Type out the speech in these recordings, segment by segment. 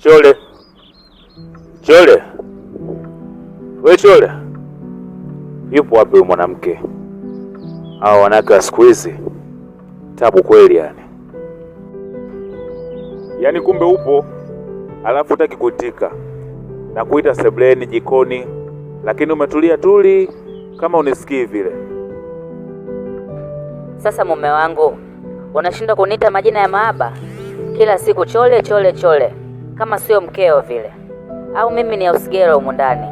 Chole, Chole, we Chole, yupo wapi huyu mwanamke? Hao wanawake wa siku hizi tabu kweli yani. Yaani kumbe upo, alafu utaki kuitika na kuita sebleni, jikoni, lakini umetulia tuli kama unisikii vile. Sasa mume wangu, unashindwa kuniita majina ya mahaba kila siku, Chole, Chole, Chole kama sio mkeo vile, au mimi ni ausigero humu ndani?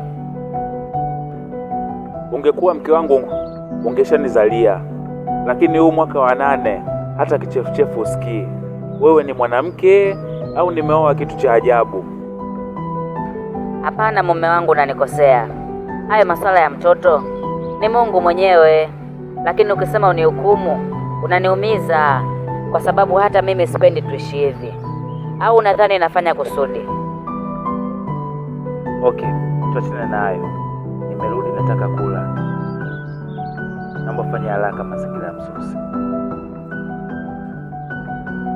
Ungekuwa mke wangu ungeshanizalia, lakini huu mwaka wa nane hata kichefuchefu usikii. Wewe ni mwanamke au nimeoa kitu cha ajabu? Hapana mume wangu, unanikosea. Haya masuala ya mtoto ni Mungu mwenyewe, lakini ukisema unihukumu unaniumiza, kwa sababu hata mimi sipendi tuishi hivi au nadhani nafanya kusudi? Okay, tuachane nayo. Nimerudi, nataka kula. Naomba fanya haraka, mazingira ya msusi.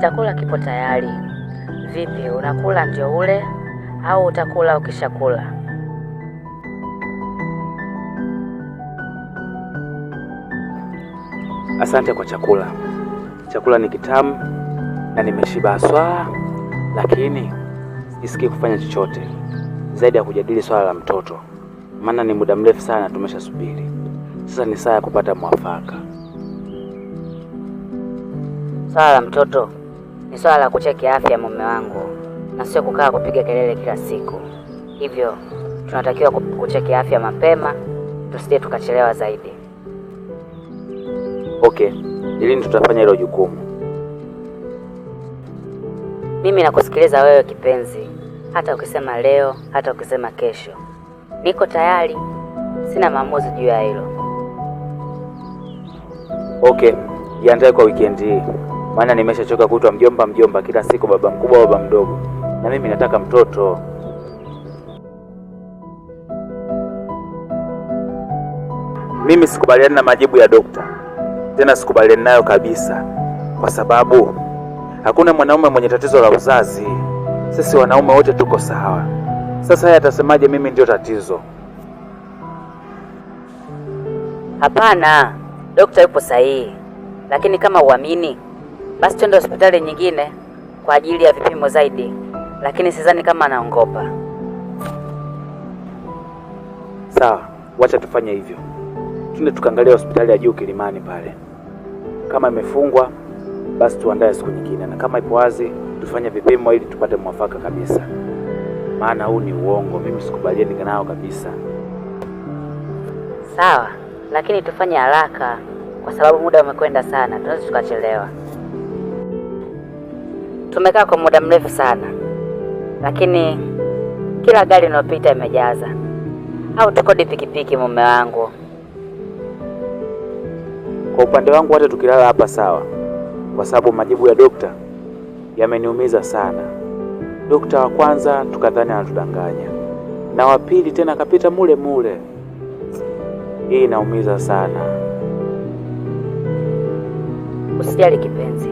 Chakula kipo tayari. Vipi, unakula ndio ule au utakula ukishakula? Asante kwa chakula. Chakula ni kitamu na nimeshiba swaa lakini isikie kufanya chochote zaidi ya kujadili swala la mtoto, maana ni muda mrefu sana tumeshasubiri. Sasa ni saa ya kupata mwafaka. Swala la mtoto ni swala la kucheki afya ya mume wangu na sio kukaa kupiga kelele kila siku, hivyo tunatakiwa kucheki afya mapema, tusije tukachelewa zaidi. Okay, ili tutafanya hilo jukumu. Mimi nakusikiliza wewe kipenzi, hata ukisema leo, hata ukisema kesho, niko tayari. Sina maamuzi juu ya hilo. Okay, jiandae kwa weekend hii, maana nimeshachoka kutwa mjomba mjomba kila siku, baba mkubwa, baba mdogo, na mimi nataka mtoto. Mimi sikubaliani na majibu ya dokta, tena sikubaliani nayo kabisa, kwa sababu Hakuna mwanaume mwenye tatizo la uzazi, sisi wanaume wote tuko sawa. Sasa yeye atasemaje mimi ndio tatizo? Hapana, dokta yupo sahihi, lakini kama uamini basi twende hospitali nyingine kwa ajili ya vipimo zaidi, lakini sidhani kama anaongopa. Sawa, wacha tufanye hivyo, twende tukaangalia hospitali ya juu Kilimani pale, kama imefungwa basi tuandae siku nyingine, na kama ipo wazi tufanye vipimo ili tupate mwafaka kabisa, maana huu ni uongo, mimi sikubaliani nao kabisa. Sawa, lakini tufanye haraka kwa sababu muda umekwenda sana, tunaweza tukachelewa. Tumekaa kwa muda mrefu sana, lakini kila gari inayopita imejaza. Au tukodi pikipiki, mume wangu? Kwa upande wangu hata tukilala hapa sawa kwa sababu majibu ya dokta yameniumiza sana. Dokta wa kwanza tukadhani anatudanganya, na wa pili tena akapita mule mule. Hii inaumiza sana. Usijali kipenzi,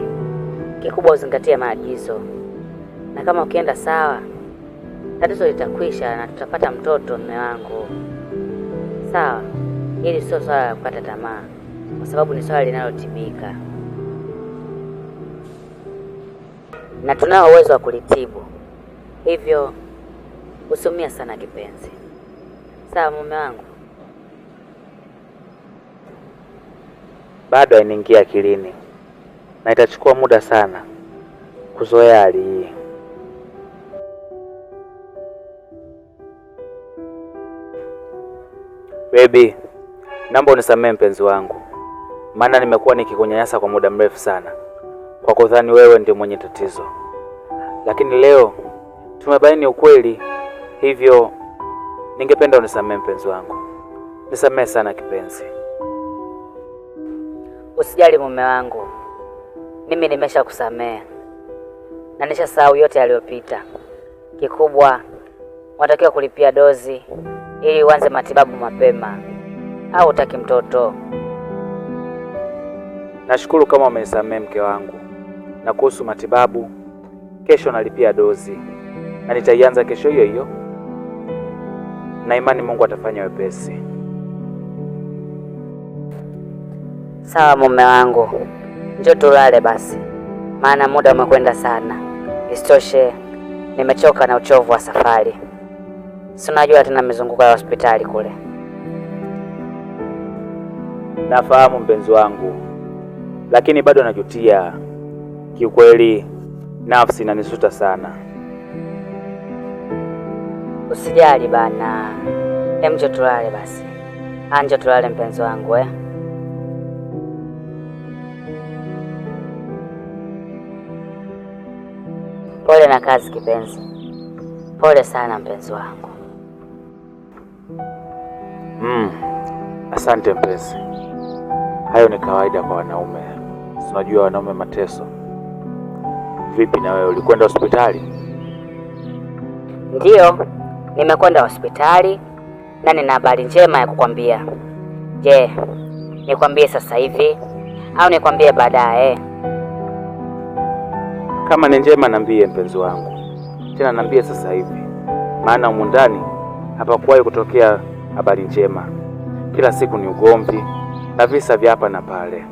kikubwa uzingatie maagizo, na kama ukienda sawa, tatizo litakwisha na tutapata mtoto. Mme wangu, sawa? Hili sio swala la kukata tamaa, kwa sababu ni swala linalotibika. na tunao uwezo wa kulitibu, hivyo usiumia sana kipenzi. Sawa mume wangu? Bado hainiingia akilini na itachukua muda sana kuzoea hali hii. Baby, naomba unisamehe mpenzi wangu, maana nimekuwa nikikunyanyasa kwa muda mrefu sana kwa kudhani wewe ndio mwenye tatizo, lakini leo tumebaini ukweli. Hivyo ningependa unisamehe mpenzi wangu, nisamehe sana kipenzi. Usijali mume wangu, mimi nimesha kusamea na sahau yote yaliyopita. Kikubwa unatakiwa kulipia dozi ili uanze matibabu mapema, au utaki mtoto? Nashukuru kama umenisamehe mke wangu, na kuhusu matibabu, kesho nalipia dozi na nitaianza kesho hiyo hiyo, na imani Mungu atafanya wepesi. Sawa mume wangu, njoo tulale basi, maana muda umekwenda sana. Isitoshe nimechoka na uchovu wa safari, si unajua tena mizunguko ya hospitali kule. Nafahamu mpenzi wangu, lakini bado najutia kiukweli nafsi inanisuta sana. Usijali bana, emjo tulale basi, Anjo, tulale mpenzi wangu eh. Pole na kazi kipenzi, pole sana mpenzi wangu. Mm, asante mpenzi. Hayo ni kawaida kwa wanaume, unajua wanaume mateso Vipi na wewe, ulikwenda hospitali? Ndiyo, nimekwenda hospitali na nina habari njema ya kukwambia. Je, nikwambie sasa hivi au nikwambie baadaye? Kama ni njema naambie mpenzi wangu, tena naambie sasa hivi, maana humu ndani hapakuwahi kutokea habari njema. Kila siku ni ugomvi na visa vya hapa na pale.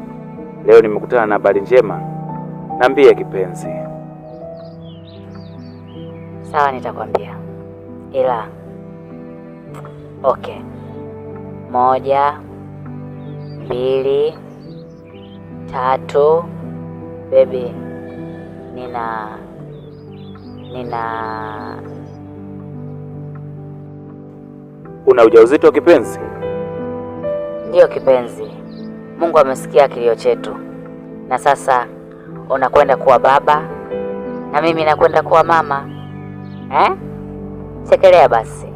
Leo nimekutana na habari njema, niambie kipenzi. Sawa, nitakwambia ila okay. Moja, mbili, tatu. Bebi, nina nina una ujauzito kipenzi? Ndiyo kipenzi, Mungu amesikia kilio chetu na sasa unakwenda kuwa baba na mimi nakwenda kuwa mama eh? Sekelea basi.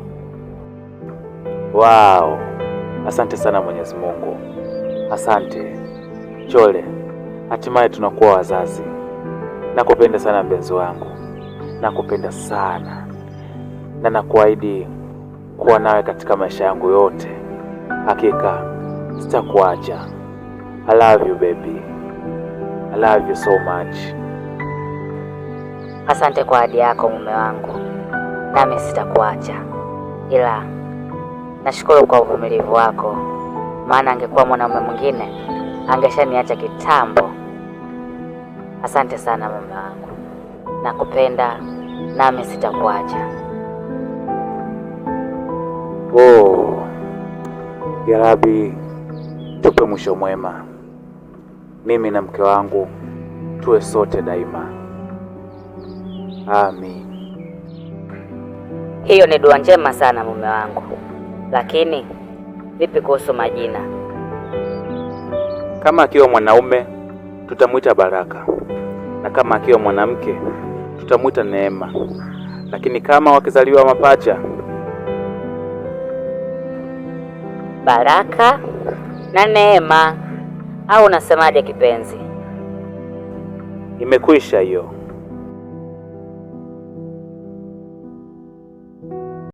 Wow, asante sana Mwenyezi Mungu, asante Chole, hatimaye tunakuwa wazazi. Nakupenda sana mpenzi wangu, nakupenda sana na nakuahidi kuwa nawe katika maisha yangu yote. Hakika sitakuacha. I love you baby. I love you so much. Asante kwa ahadi yako mume wangu nami sitakuacha, ila nashukuru kwa uvumilivu wako, maana angekuwa mwanaume mwingine angeshaniacha kitambo. Asante sana mume wangu, nakupenda nami sitakuacha. Oh, Yarabi, tupe mwisho mwema. Mimi na mke wangu tuwe sote daima. Amin. Hiyo ni dua njema sana mume wangu, lakini vipi kuhusu majina? Kama akiwa mwanaume tutamwita Baraka, na kama akiwa mwanamke tutamwita Neema, lakini kama wakizaliwa mapacha Baraka na Neema. Au unasemaje kipenzi? Imekwisha hiyo.